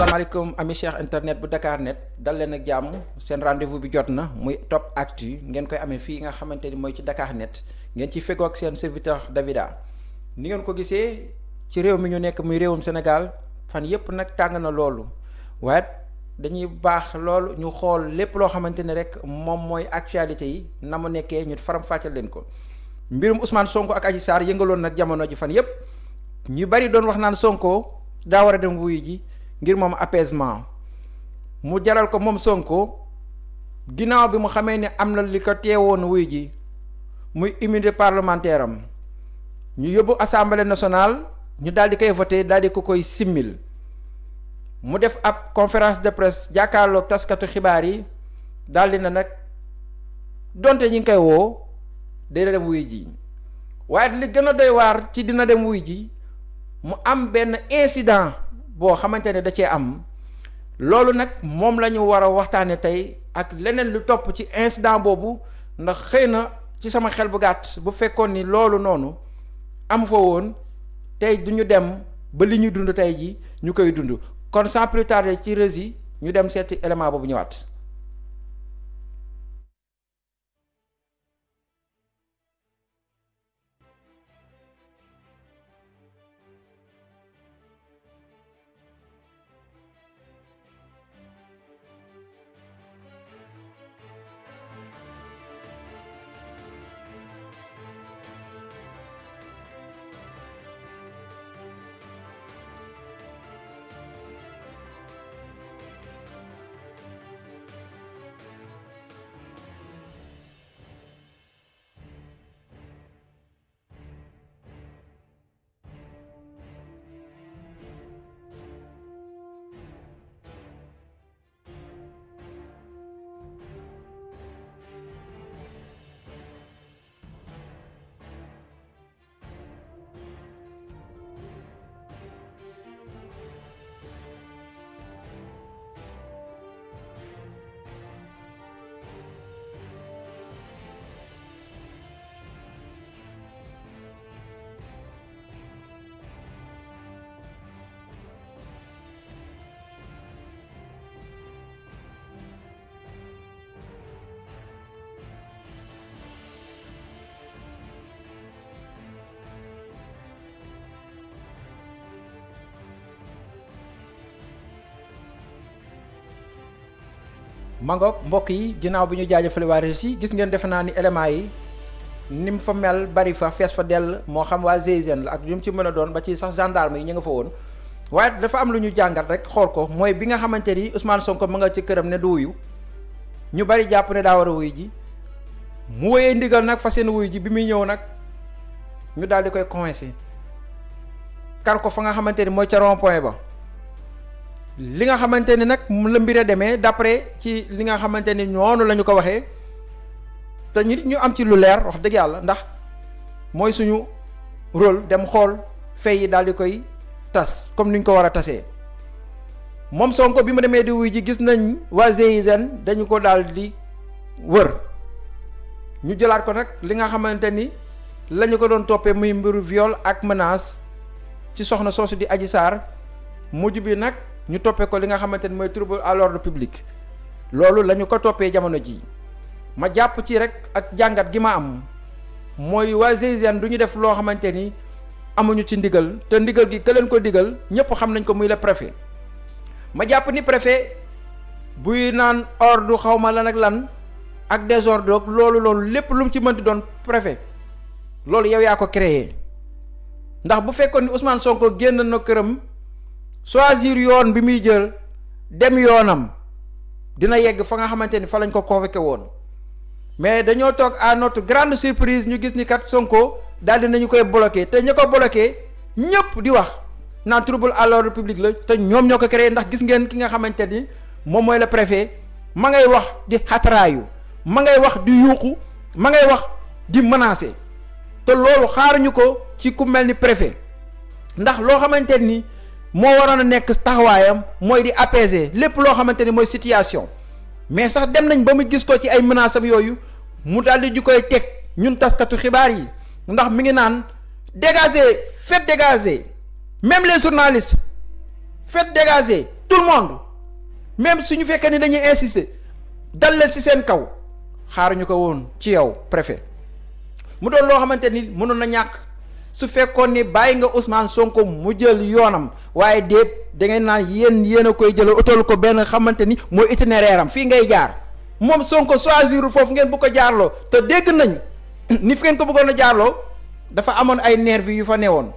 asalaamaaleykum ami cheikh internet bu Dakar net dal leen ak jàmm seen rendez-vous bi jot na muy top actu ngeen koy amee fii nga xamante ni mooy ci Dakar net ngeen ci feggoog seen serviteur Davida ni ngeen ko gisee ci réew mi ñu nekk muy réewum Sénégal fan yépp nag tàng na loolu waaye dañuy baax loolu ñu xool lépp loo xamante ni rek moom mooy actualité yi na mu nekkee ñu faram-fàcceel leen ko mbirum Ousmane sonk ak Adji yëngaloon nag jamono ji fan yépp ñu bari doon wax naan Sonko daa war a ji ngir moom apaisement mu jaral ko moom Sonko ginnaaw bi mu xamee ni am na li ko teewoon wuy ji muy immunité parlementaire am ñu yóbbu assemblée nationale ñu daal di koy voté daal di ko koy simmil mu def ab conférence de presse jàkkaarloog taskatu xibaar yi daal na nag donte ñi ngi koy woo dina dem wuy ji waaye li gën a doy waar ci dina dem wuy ji mu am benn incident boo xamante ne da cee am loolu nag moom la ñu war a waxtaane tey ak leneen lu topp ci incident boobu ndax xëy na ci sama xel bu gàtt bu fekkoon ni loolu noonu amu fa woon tey du ñu dem ba li ñuy dund tey ji ñu koy dund kon sans plus tarder ci rési ñu dem seeti élément boobu ñëwaat mangoog mbokk yi ginnaaw bi ñu jaajëfale waa Russie gis ngeen defe naa ni éléments yi ni mu fa mel bari fa fees fa dell moo xam waa GIGN la ak ñu mu ci mën a doon ba ci sax gendarme yi ñu nga fa woon waaye dafa am lu ñu jàngat rek xool ko mooy bi nga xamante ni Ousmane Sonko ma nga ci këram ne du wuyu ñu bari jàpp ne daa war a wuyu ji mu woyee ndigal nag fa seen wuyu ji bi muy ñëw nag ñu daal di koy coincé kar ko fa nga xamante ni mooy ca rond point li nga xamante ni nag mu la mbir a demee d'après ci li nga xamante ni noonu lañu ko waxee te ñu ñu am ci lu leer wax dëgg yàlla ndax mooy suñu rôle dem xool fay yi daal di koy tas comme ni ñu ko war tasee moom Sonko bi mu demee di wuy ji gis nañ waa GIGN dañu ko daal di wër ñu jëlaat ko nag li nga xamante ni la ko doon toppee muy mbiru viol ak menace ci soxna soosu di aji Sarr mujj bi nag. ñu toppee ko li nga xamante ni mooy trouble à l'ordre public loolu lañu ko toppee jamono ji ma jàpp ci rek ak jàngat gi ma am mooy waa GIGN du ñu def loo xamante ni amuñu ci ndigal te ndigal gi ka leen ko digal ñëpp xam nañ ko muy le préfet ma jàpp ni préfet buy naan ordre xawma lan ak lan ak désordre loolu loolu lépp lu mu ci di doon préfet loolu yow yaa ko créé ndax bu fekkoon ni Ousmane Sonko génn na këram. choisir yoon bi muy jël dem yoonam dina yegg fa nga xamante ni fa lañ ko convoqué woon mais dañoo toog à notre grande surprise ñu gis ni kat Sonko daal di nañu koy bloqué te ñu ko bloqué ñëpp di wax naan trouble à l'ordre la te ñoom ñoo ko créé ndax gis ngeen ki nga xamante ni moom mooy la préfet ma ngay wax di xataraayu ma ngay wax di yuuxu ma ngay wax di menacé te loolu xaaruñu ko ci ku mel ni préfé ndax loo xamante ni. moo waroon a nekk taxawaayam mooy di apaiser lépp loo xamante ni mooy situation mais sax dem nañ ba mu gis ko ci ay menaces yooyu mu daal di ñu koy teg ñun taskatu xibaar yi ndax mi ngi naan dégager faites dégager même les journalistes faites dégager tout le monde même suñu fekkee ni dañuy insister dal leen ci seen kaw xaaruñu ko woon ci yow préfet mu doon loo xamante ni mënoon na ñàkk. su fekkoon ni bàyyi nga Ousmane Sonko mu jël yoonam waaye déet da ngeen naan yéen yéen a koy jël utal ko benn xamante ni mooy itinéraire am fii ngay jaar moom Sonko choisir foofu ngeen bu ko jaarloo te dégg nañ ni fi ngeen ko bëggoon a jaarloo dafa amoon ay nervi yu fa newoon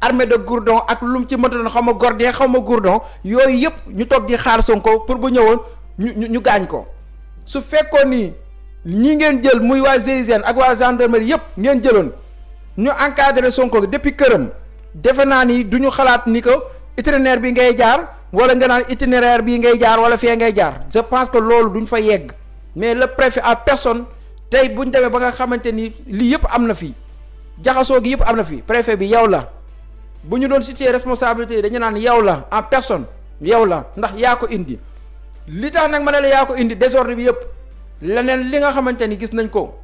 armée de gourdon ak lu mu ci mënta doon xaw ma gordien xaw ma gourdon yooyu yëpp ñu toog di xaar Sonko pour bu ñëwoon ñu ñu gaañ ko su fekkoon ni ñi ngeen jël muy waa GIGN ak waa gendarmerie yëpp ngeen jëloon. ñu encadré Sonko depuis këram defe naa ni du ñu xalaat ni ko itinéraire bi ngay jaar wala nga naan itinéraire bii ngay jaar wala fee ngay jaar je pense que loolu duñu fa yegg mais le préfet à personne tey buñ demee ba nga xamante ni lii yëpp am na fi jaxasoo gi yëpp am na fi préfet bi yow la bu ñu doon situer responsabilité yi dañu naan yow la en personne yow la ndax yaa ko indi li tax nag ma ne la yaa ko indi désordre bi yëpp leneen li nga xamante ni gis nañ ko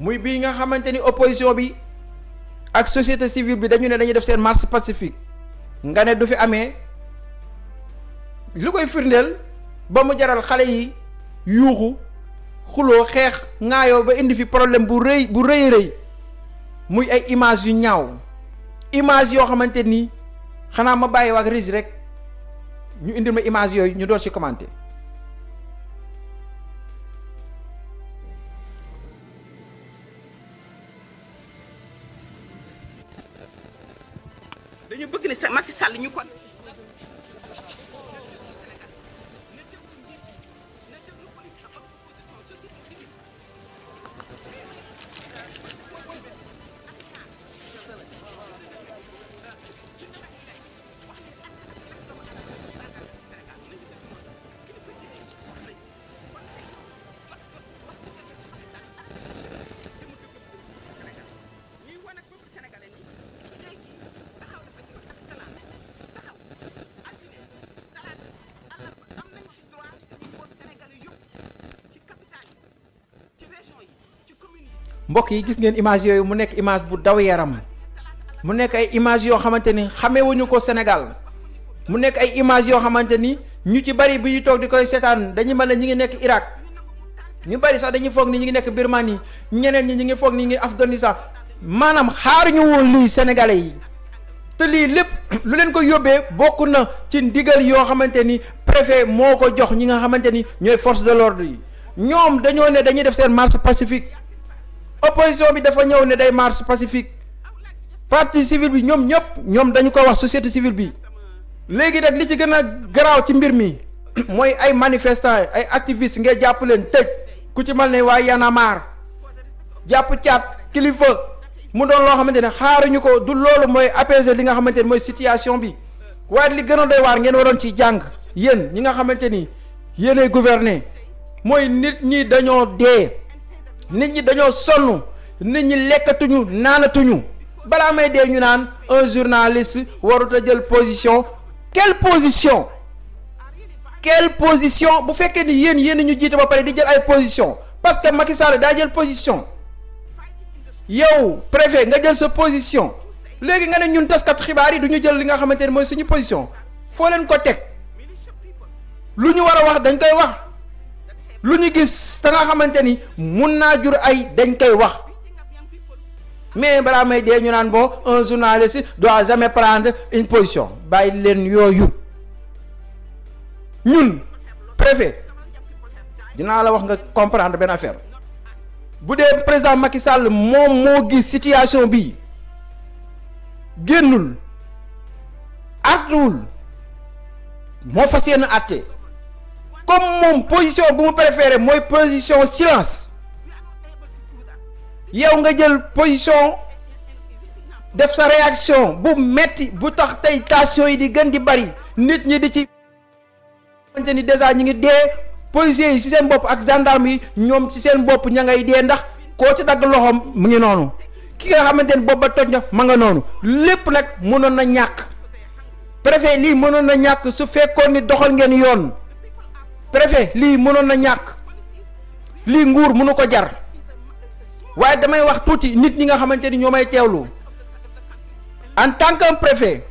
muy bii nga xamante ni opposition bi ak société civile bi dañu ne dañuy def seen marche pacifique nga ne du fi amee lu koy firndeel ba mu jaral xale yi yuuxu xuloo xeex ŋaayoo ba indi fi problème bu rëy bu rëy rëy muy ay image yu ñaaw image yoo xamante ni xanaa ma bàyyi waak régi rek ñu indi ma image yooyu ñu door ci commenter Macky Sall ñu kon mbokk yi gis ngeen image yooyu mu nekk image bu daw yaram mu nekk ay image yoo xamante ni xamewuñu ko Sénégal mu nekk ay image yoo xamante ni ñu ci bari bi ñu toog di koy seetaan dañu man ne ñi ngi nekk Irak ñu bari sax dañuy foog ni ñi ngi nekk Birmanie ñeneen ñi ñi ngi foog ni ñi maanaam xaaruñu woon sénégalais yi te lii lépp lu leen ko yóbbee bokk na ci ndigal yoo xamante ni préfet moo ko jox ñi nga xamante ni ñooy force de l'ordre yi ñoom dañoo ne dañuy def seen marche pacifique opposition bi dafa ñëw ne day marche pacifique partie civile bi ñoom ñëpp ñoom dañu ko wax société civile bi léegi nag li ci gën a garaaw ci mbir mi mooy ay manifestants ay activistes ngay jàpp leen tëj ku ci mal ne waa Y'en a marre jàpp caat kilifa mu doon loo xamante ne xaaruñu ko du loolu mooy apaiser li nga xamante ne mooy situation bi waaye li gën a doy waar ngeen waroon ci jàng yéen ñi nga xamante ni yéenay gouverner mooy nit ñi dañoo dee. nit ñi dañoo sonn nit ñi lekkatuñu naanatuñu balaa may dee ñu naan un journaliste warut a jël position quelle position quelle position bu fekkee ni yéen yéen ñu jiite ma pare di jël ay position parce que Macky Sall daa jël position yow préfet nga jël sa position léegi nga ne ñun taskat xibaar yi du ñu jël li nga xamante ne mooy suñu position foo leen ko teg lu ñu war a wax dañ koy wax. lu ñu gis te nga xamante ni mun naa jur ay dañ koy wax mais balaa may dee ñu naan boo un journaliste doit jamais prendre une position bàyyi leen yooyu ñun préfet dinaa la wax nga comprendre benn affaire bu dee président Macky Sall moom moo gis situation bi génnul àttuwul moo fas yéene àtte comme moom position bu mu préféré mooy position silence yow nga jël position def sa réaction bu metti bu tax tey tension yi di gën di bari nit ñi di ci xamante ni ñu ngi dee policiers yi ci seen bopp ak gendarme yi ñoom ci seen bopp ña ngay dee ndax koo ci dagg loxoom mu ngi noonu ki nga xamante ni bopp ba toj na ma nga noonu lépp nag mënoon na ñàkk préfet lii mënoon na ñàkk su fekkoon ni doxal ngeen yoon préfet lii mënoon na ñàkk lii nguur mënu ko jar waaye damay wax tuuti nit ñi nga xamante ni ñoo may teewlu en tant que préfet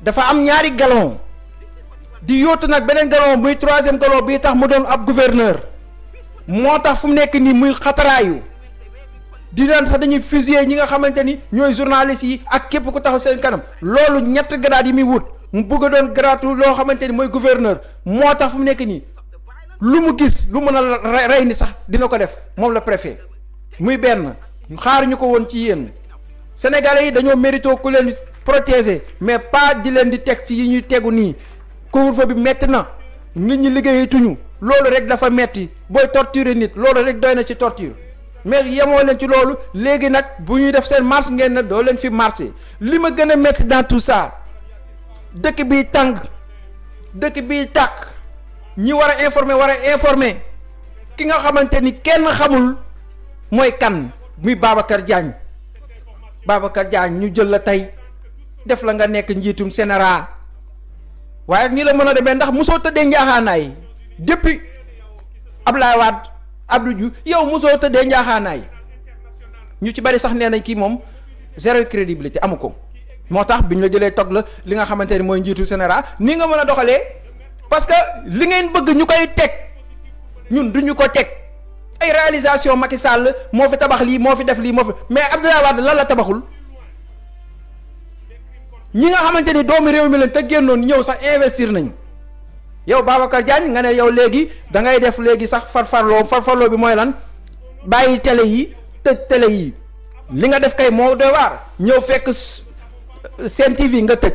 dafa am ñaari galon di yootu nag beneen galon muy troisième galon bi tax mu doon ab gouverneur moo tax fu mu nekk nii muy xataraayu di daan sax dañuy fusiller ñi nga xamante ni ñooy journalistes yi ak képp ku taxaw seen kanam loolu ñett grade yi muy wut mu bëgg a doon garaatu loo xamante ni mooy gouverneur moo tax fu mu nekk nii lu mu gis lu mën a rey ni sax dina ko def moom la préfet muy benn xaar ñu ko woon ci yéen sénégalais yi dañoo mérito ku leen protéger mais pas di leen di teg ci yi ñuy tegu nii couvre-feu bi metti na nit ñi liggéeyatuñu loolu rek dafa metti booy torturer nit loolu rek doy na ci torture mais yemoo leen ci loolu léegi nag bu ñuy def seen marche ngeen ne doo leen fi marché li ma gën a metti dans tout dëkk bi tàng dëkk bi tàkk ñi war a informer war a informer ki nga xamante ni kenn xamul mooy kan muy Babacar Diagne Babacar Diagne ñu jël la tey def la nga nekk njiitum sénéra waaye nii la mën a demee ndax mosoo tëddee njaaxaanaay depuis Abdoulaye Wade Abdou Diouf yow mosoo tëddee njaaxaanaay ñu ci bari sax nee nañ kii moom zéro crédibilité amu ko. moo tax bi ñu la jëlee toog la li nga xamante ni mooy njiitu Sénégal ni nga mën a doxalee parce que li ngeen bëgg ñu koy teg ñun du ñu ko teg ay réalisation Macky Sall moo fi tabax lii moo fi def lii moo fi mais Abdoulaye Wade lan la tabaxul ñi nga xamante ni doomi réew mi leen te génnoon ñëw sax investir nañ yow Babacar Diagne nga ne yow léegi dangay def léegi sax farfarloo farfarloo bi mooy lan bàyyi télé yi te télé yi li nga def kay moo doy waar ñëw fekk. Sen TV nga tëj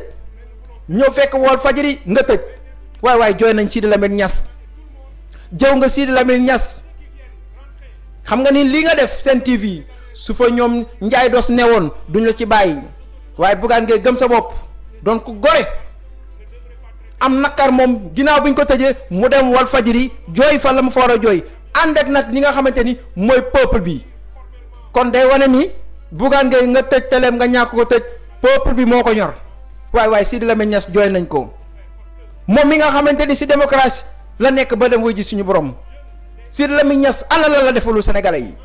ñëw fekk Walf Fadjri nga tëj waay waaye jooy nañ Sidi Lamine Niass jëw nga Sidi Lamine Niass xam nga ni li nga def Sen TV su fa ñoom njaay dos newoon duñ la ci bàyyi waaye buggaan ngay gëm sa bopp doon ko gore am naqar moom ginnaaw bi ñu ko tëjee mu dem Walf Fadjri jooy fa la mu fa war a jooy ànd ak nag ñi nga xamante ni mooy peuple bi kon day wane ni buggaan ngay nga tëj teleem nga ñàkk ko tëj peuple bi moo ko ñor waaye waaye Sidi Lamine Niass jooy nañ ko moom mi nga xamante ni si démocratie la nekk ba dem wuy ji suñu borom Sidi Lamine Niass alal la la defalul sénégalais yi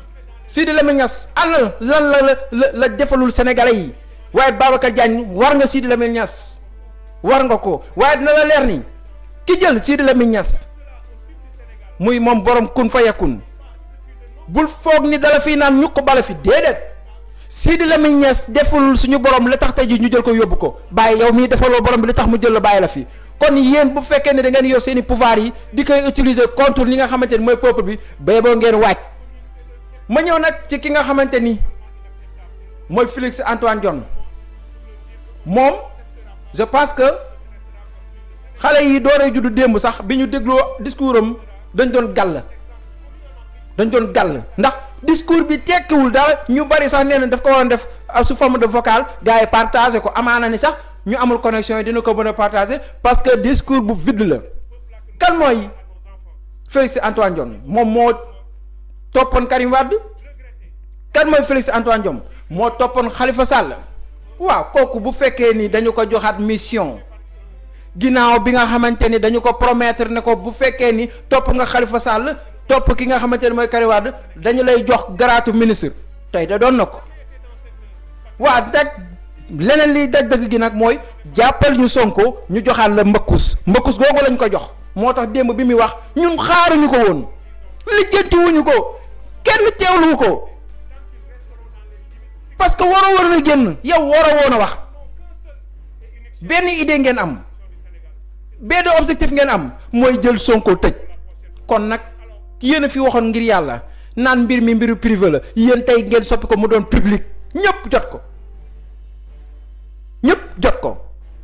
Sidi Lamine Niass alal lan la la la defalul sénégalais yi waaye Babacar Diagne war nga Sidi Lamine Niass war nga ko waaye dina la leer ni ki jël Sidi Lamine Niass muy moom borom kun fa yakun bul foog ni dala fii naan ñu ko bala fi Sidi Lamine Niass deful suñu borom la tax tey ji ñu jël ko yóbbu ko bàyyi yow mii defaloo borom bi la tax mu jël la bàyyi la fi kon yéen bu fekkee ne da ngeen yor seen yi di koy utiliser contre li nga xamante ni mooy peuple bi bay boo ngeen waaj ma ñëw nag ci ki nga xamante ni mooy Félix Antoine Diome moom je pense que xale yi dooree juddu démb sax bi ñu dégloo discours am dañ doon gàll dañ doon gàll ndax. discours bi tekkiwul dara ñu bari sax nee na daf ko waroon def ah, su forme de vocal gars yi partagé ko na ni sax ñu amul connexion yi dina ko mën a partagé parce que discours bu vide la kan mooy Félix Antoine Diome moom moo toppoon Karim Wade kan mooy Félix Antoine Diome moo toppoon xalifa Sall waaw kooku bu fekkee nii dañu ko joxaat mission ginnaaw bi nga xamante ni dañu ko promettre ne ko bu fekkee ni topp nga Khalifa Sall topp ki nga xamante ne mooy Karim Wade dañu lay jox garaatu ministre tey da doon na ko waa daj leneen liy daj dëgg gi nag mooy jàppal ñu Sonko ñu joxaat la mbëkkus mbëkkus googu lañ ko jox moo tax démb bi muy wax ñun ñu ko woon lijjantiwuñu ko kenn teewluwu ko parce que waroo woon a génn yow waroo woon a wax benn idée ngeen am benn objectif ngeen am mooy jël Sonko tëj kon nag. yéen a fi waxoon ngir yàlla naan mbir mi mbiru privé la yéen tey ngeen soppi ko mu doon public ñëpp jot ko ñëpp jot ko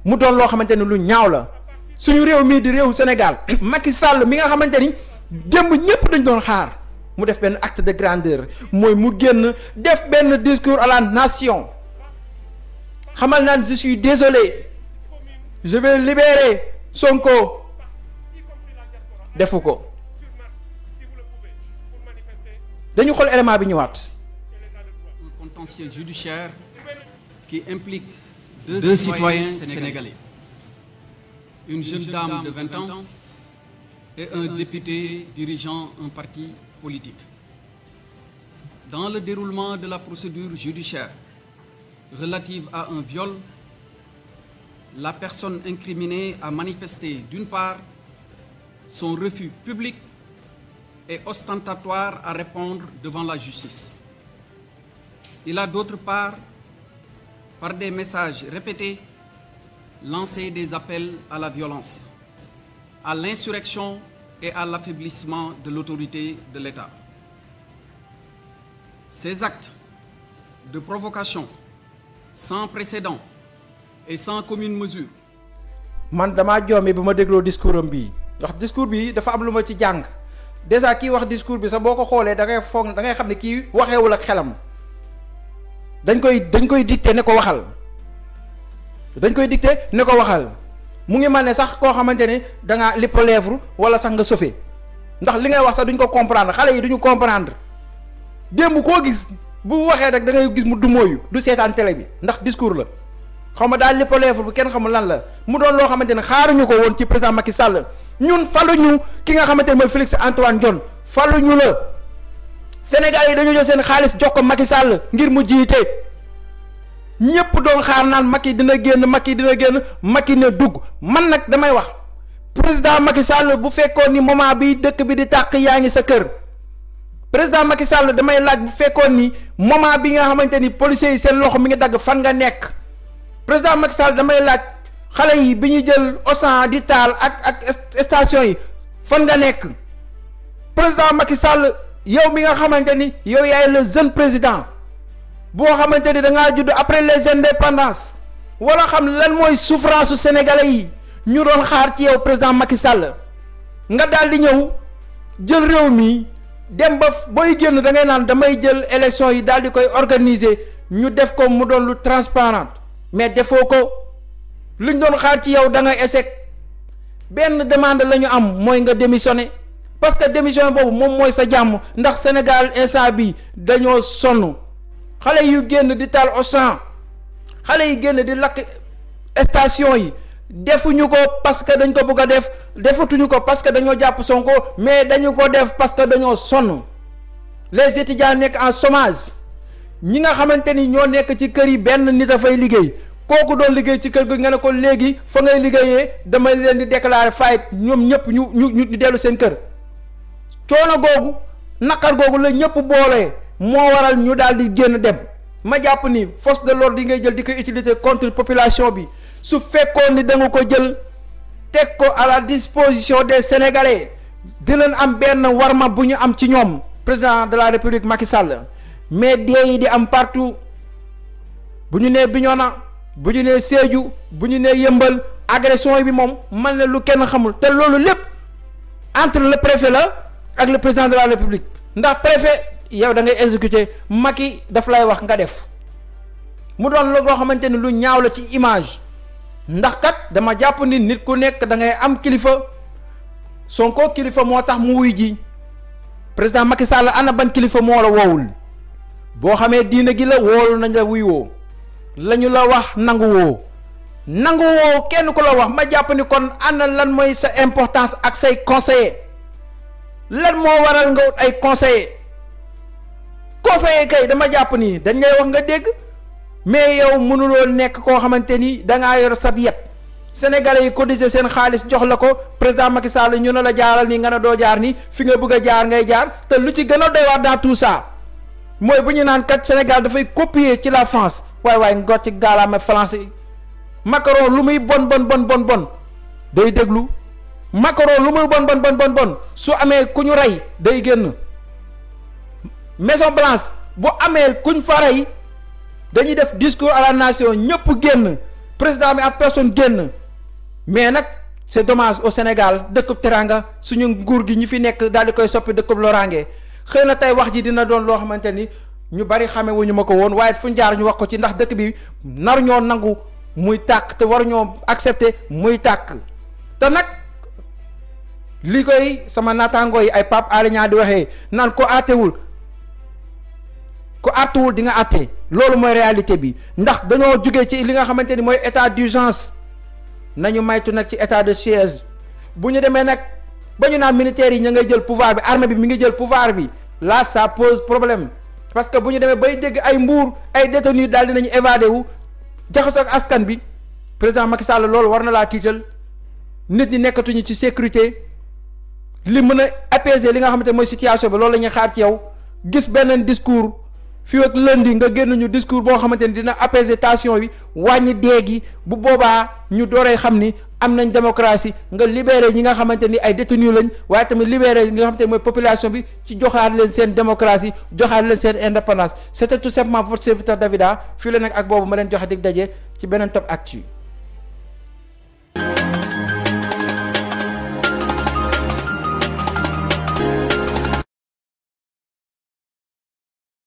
mu doon loo xamante ni lu ñaaw la suñu réew mii di réewu Sénégal Macky sàll mi nga xamante ni démb ñëpp dañ doon xaar mu def benn acte de grandeur mooy mu génn def benn discours à la nation xamal naan je suis désolé je vais Sonko defu ko. dañu xool élément bi ñëwaat. un contentieux judiciaire qui implique deux, deux citoyens, citoyens sénégalais. une jeune dame de vingt ans et un député dirigeant un parti politique. Dans le déroulement de la procédure judiciaire relative à un viol, la personne incriminée a manifesté d'une part son refus public et ostentatoire à répondre devant la justice. Il a d'autre part, par des messages répétés, lancé des appels à la violence, à l'insurrection et à l'affaiblissement de l'autorité de l'État. Ces actes de provocation sans précédent et sans commune mesure. man damaa joomi bu ma dégloo discours am bii ndax discours bi dafa am lu ma ci jàng. déjà kii wax discours bi sax boo ko xoolee dangay ngay foog da xam ne kii waxeewul ak xelam dañ koy dañ koy dicté ne ko waxal dañ koy dicté ne ko waxal mu ngi man ne sax koo xamante ne danga ngaa lipp lèvre wala sax nga sofe ndax li ngay wax sax duñu ko comprendre xale yi duñu comprendre démb koo gis bu waxee rek dangay gis mu du dumóoyu du seetaan télé bi ndax discours la. xaw ma daal lépp leeful bu kenn xamul lan la mu doon loo xamante ne xaaruñu ko woon ci président Macky Sall ñun faluñu ki nga xamante ne mooy Félix Antoine Diome faluñu la Sénégal yi dañu jël seen xaalis jox ko Macky sàll ngir mu jiite ñëpp doon xaar naan yi dina génn Macky dina génn Macky ne dugg man nag damay wax président Macky sàll bu fekkoon ni moment bi dëkk bi di tàkk yaa ngi sa kër président Macky Sall damay laaj bu fekkoon ni moment bi nga xamante ni policiers seen loxo mi ngi dagg fan nga nekk. président Macky Sall damay laaj xale yi bi ñu jël Auchan di taal ak ak station yi fan nga nekk président Macky Sall yow mi nga xamante ni yow yaay le jeune président boo xamante ni da ngaa judd après les indépendances wala xam lan mooy souffrance su sénégalais yi ñu doon xaar ci yow président Macky Sall nga daal di ñëw jël réew mi dem ba booy génn da ngay naan damay jël élection yi daal di koy organiser ñu def ko mu doon lu transparent mais defoo ko li luñ doon xaar ci yow da nga échec benn demande la am mooy nga démissionner parce que démission boobu moom mooy sa jàmm ndax Sénégal instant bi dañoo sonn xale yu génn di taal Auchan xale yu génn di lakk station yi defuñu ko parce que dañ ko bëgg a def defatuñu ko parce que dañoo jàpp Sonko mais dañu ko def parce que dañoo sonn les étudiants nekk en somage ñi nga xamante ni ñoo nekk ci kër yi benn nit dafay liggéey kooku doon liggéey ci kër gi nga ne ko léegi fa ngay liggéeyee damay leen di déclarer faillite ñoom ñëpp ñu ñu ñu dellu seen kër coono googu naqar googu la ñëpp boolee moo waral ñu daal di génn dem ma jàpp ni force de l'ordre yi ngay jël di koy utiliser contre population bi su fekkoon ni da ko jël teg ko à la disposition des sénégalais di leen am benn warma bu ñu am ci ñoom président de la république Macky Sall. mais dee yi di am partout bu ñu nee Bignona bu ñu nee Sédhiou bu ñu nee Yëmbal agression bi moom man na lu kenn xamul te loolu lépp entre le préfet la ak le président de la république ndax préfet yow dangay ngay exécuter Macky daf lay wax nga def mu doon loo xamante ni lu ñaaw la ci image ndax kat dama jàpp ni nit ku nekk da ngay am kilifa Sonko kilifa moo tax mu wuy ji président Macky Sall ana ban kilifa moo la woowul. boo xamee diina gi la woolu nañ la wuy woo la ñu la wax nangu woo nangu woo kenn ku la wax ma jàpp ni kon ana lan mooy sa importance ak say conseiller lan moo waral nga ay conseiller conseiller kay dama jàpp ni dañ lay wax nga dégg mais yow mënuloo nekk koo xamante ni dangaa yor sab yet sénégalais yi cotiser seen xaalis jox la ko président Macky Sall ñu ne la jaaral nii nga ne doo jaar ni fi nga bëgg a jaar ngay jaar te lu ci gën a doy waar dans tout mooy bu ñu naan Sénégal dafay copier ci la France waaye waay ngor ci gaalaama français yi Macron lu muy bon bon bon bon bon day déglu Macron lu muy bon bon bon bon bon su amee ku ñu rey day génn Maison Blanche bu amee ku ñu fa rey dañuy def discours à la nation ñëpp génn président bi ak personne génn mais nag c'est dommage au Sénégal dëkkub teranga suñu nguur gi ñi fi nekk daal di koy soppi dëkkub loraange xëy na tey wax ji dina doon loo xamante ni ñu bari xame wuñu ma ko woon waaye fu ñu ñu wax ko ci ndax dëkk bi nar ñoo nangu muy tàkk te war ñoo accepter muy tàkk te nag li koy sama naataangoo yi ay Pape Alé di waxee nan ko àttewul ku àttuwul di nga àtte loolu mooy réalité bi ndax dañoo jugee ci li nga xamante ni mooy état d'urgence nañu maytu nag ci état de chaise bu ñu demee nag bañu ñu naan militaires yi ña ngay jël pouvoir bi armée bi mu ngi jël pouvoir bi là ça pose problème parce que bu ñu demee bay dégg ay mbuur ay détenus daal dinañu évadé wu jaxasoo ak askan bi président Macky Sall lool war na laa tiital nit ñi nekkatuñu ci sécurité li mën a apaiser li nga xamante mooy situation bi loolu la ñuy xaar ci yow gis beneen discours fii ak lundi nga génn ñu discours boo xamante ni dina apaiser tension yi wàññi dee gi bu boobaa ñu dooree xam ni am nañ démocratie nga libéré ñi nga xamante ni ay détenus lañ waaye tamit libéré yi nga xamante ni mooy population bi ci joxaat leen seen démocratie joxaat leen seen indépendance c'était tout simplement votre serviteur Davida fii la ak boobu ma leen joxe dig daje ci beneen Top Actu